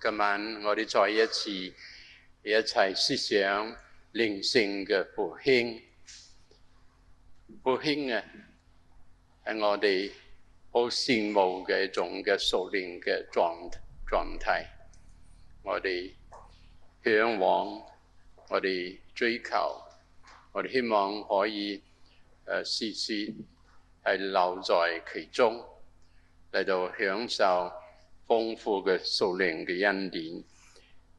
今晚我哋再一次一齊思想靈性嘅復興，復興啊，係我哋好羨慕嘅一種嘅熟練嘅狀狀態。我哋向往，我哋追求，我哋希望可以誒，試試係留在其中嚟到享受，豐富嘅數量嘅恩典，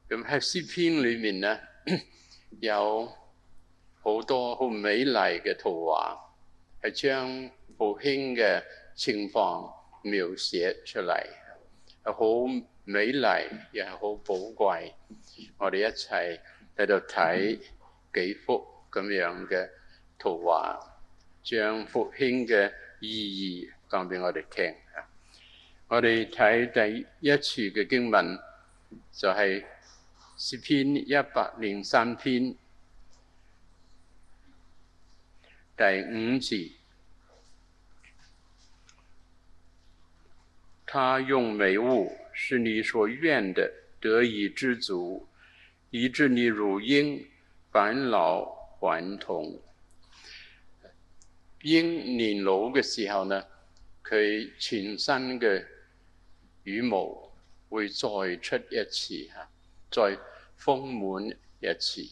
咁喺詩篇裏面咧，有好多好美麗嘅圖畫，係將復興嘅情況描寫出嚟，係好美麗又係好寶貴。我哋一齊喺度睇幾幅咁樣嘅圖畫，將復興嘅意義講俾我哋聽。我哋睇第一處嘅經文，就係《詩篇》一百零三篇第五節，他用美物使你所願的得以知足，以致你如鷹返老還童。鷹年老嘅時候呢，佢全身嘅～羽毛會再出一次吓，再豐滿一次。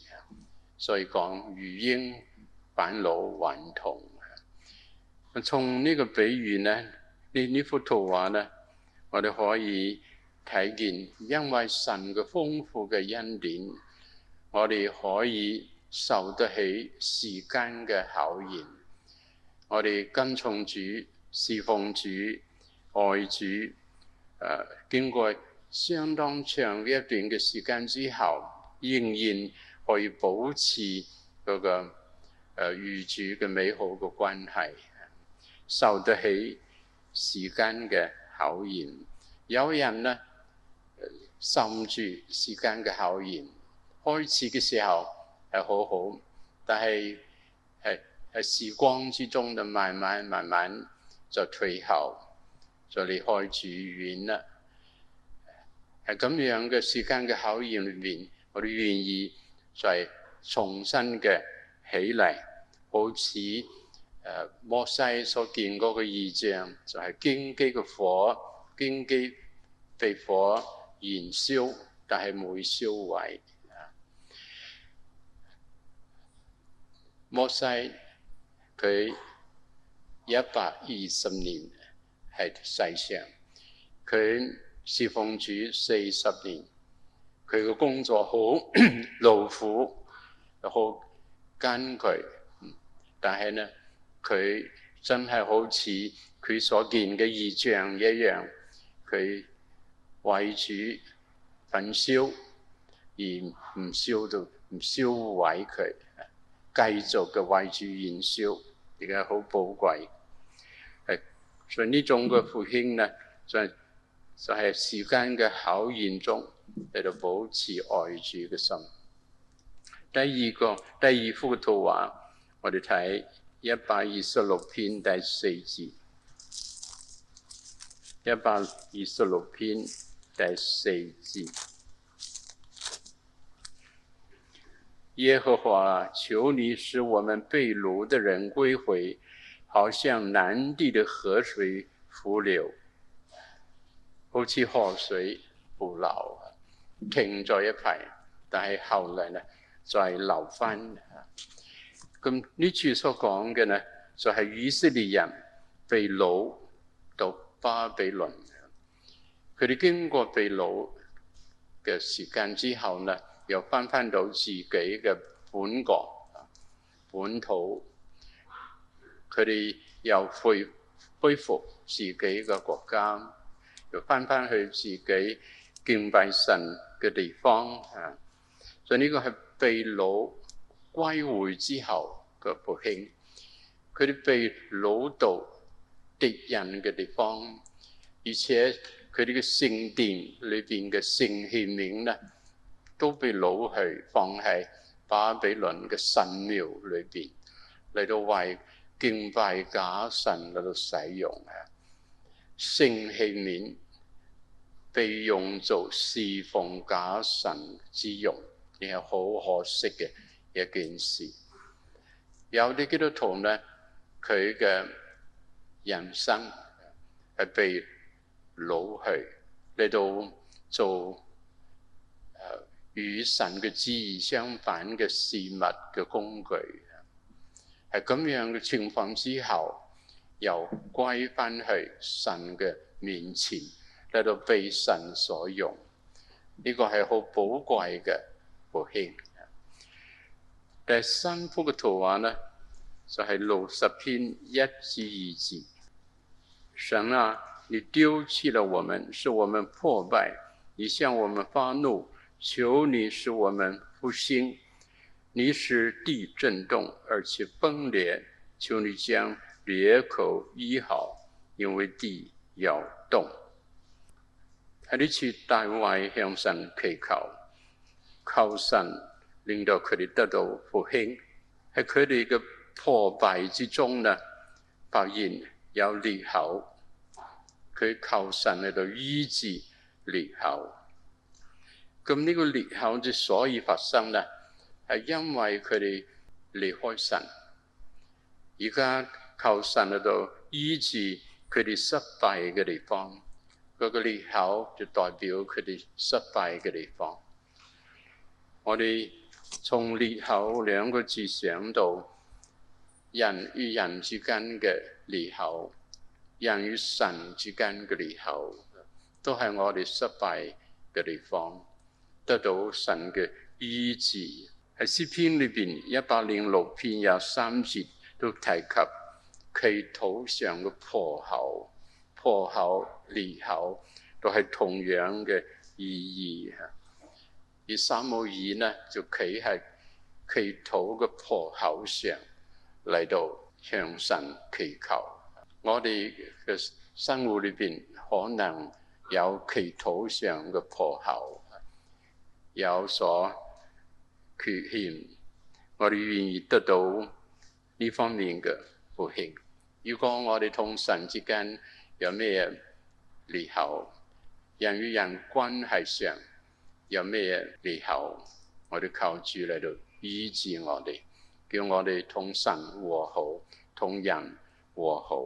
所以講如鷹返老還童。從呢個比喻呢，呢呢幅圖畫呢，我哋可以睇見，因為神嘅豐富嘅恩典，我哋可以受得起時間嘅考驗。我哋跟從主，侍奉主，愛主。誒、啊、經過相當長嘅一段嘅時間之後，仍然可以保持嗰、那個誒、呃、與主嘅美好嘅關係，受得起時間嘅考驗。有人呢，受唔住時間嘅考驗，開始嘅時候係好好，但係係喺時光之中就慢慢慢慢就退後。就離開住院啦，喺咁樣嘅時間嘅考驗裏面，我哋願意就係重新嘅起嚟，好似誒、呃、摩西所見過嘅異象，就係荊棘嘅火、荊棘被火燃燒，但係冇燒毀。啊。摩西佢一百二十年，喺世上，佢侍奉主四十年，佢嘅工作好勞苦，好 艱巨。但係呢，佢真係好似佢所見嘅異象一樣，佢為主焚燒而唔燒到唔燒毀佢，繼續嘅為主燃燒，而家好寶貴。所以呢種嘅復興呢，就就係時間嘅考驗中，嚟到保持愛主嘅心。第二個，第二幅嘅圖畫，啊，我哋睇一百二十六篇第四節。一百二十六篇第四節。耶和華，求你使我們被擄的人歸回。好像南地的河水復流，好似河水不流啊，停咗一排，但係後來呢，再流翻。咁呢次所講嘅呢，就係以色列人被擄到巴比倫，佢哋經過被擄嘅時間之後呢，又翻返到自己嘅本國、本土。佢哋又恢恢復自己嘅國家，又翻返去自己敬拜神嘅地方啊！所以呢個係被擄歸回之後嘅復興。佢哋被擄到敵人嘅地方，而且佢哋嘅聖殿裏邊嘅聖器皿咧，都被擄去放喺巴比倫嘅神廟裏邊嚟到為敬拜假神喺度使用嘅聖器皿，被用做侍奉假神之用，亦係好可惜嘅一件事。有啲基督徒咧，佢嘅人生係被擄去，呢度做誒與神嘅旨意相反嘅事物嘅工具。係咁樣嘅情況之後，又歸翻去神嘅面前，嚟到被神所用，呢、這個係好寶貴嘅福氣。第三幅嘅圖畫、啊、呢，就係、是、六十篇一至二節：「神啊，你丟棄了我們，使我們破敗；你向我們發怒，求你使我們復興。你使地震動，而且崩裂，求你將裂口醫好，因為地要動。喺你去代位向上祈求，求神令到佢哋得到復興。喺佢哋嘅破敗之中呢，發現有裂口，佢求神喺度醫治裂口。咁呢個裂口之所以發生呢？係因為佢哋離開神，而家靠神喺度醫治佢哋失敗嘅地方。嗰個裂口就代表佢哋失敗嘅地方。我哋從裂口兩個字想到人與人之間嘅裂口，人與神之間嘅裂口，都係我哋失敗嘅地方，得到神嘅醫治。喺詩篇裏邊一百零六篇有三節都提及祈禱上嘅破口，破口裂口都係同樣嘅意義嚇。而撒母耳呢就企喺祈禱嘅破口上嚟到向神祈求。我哋嘅生活裏邊可能有祈禱上嘅破口有所。缺陷，我哋願意得到呢方面嘅復興。如果我哋同神之間有咩裂口，人與人關係上有咩裂口，我哋靠主嚟到醫治我哋，叫我哋同神和好，同人和好。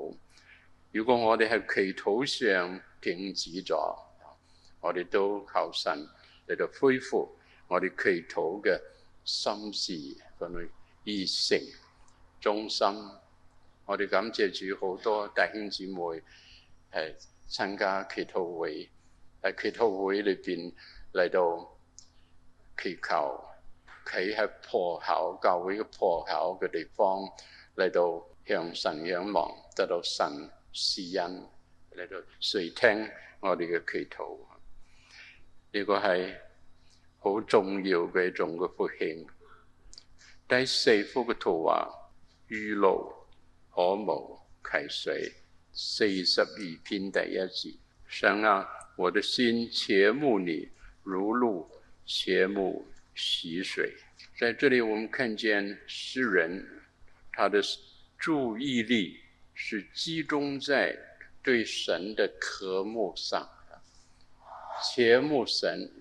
如果我哋喺祈禱上停止咗，我哋都靠神嚟到恢復我哋祈禱嘅心事嗰去熱誠、忠心，我哋感謝住好多弟兄姊妹，係、呃、參加祈禱會。喺祈禱會裏邊嚟到祈求，企喺破口教會嘅破口嘅地方嚟到向神仰望，得到神施恩嚟到垂聽我哋嘅祈禱。呢、這個係。好重要嘅一種復興慶。第四幅嘅圖畫，如鹿渴慕溪水，四十二篇的一起。神啊，我的心切慕你，如鹿切慕溪水。在這裏我們看見詩人，他的注意力是集中在對神的渴慕上的，切慕神。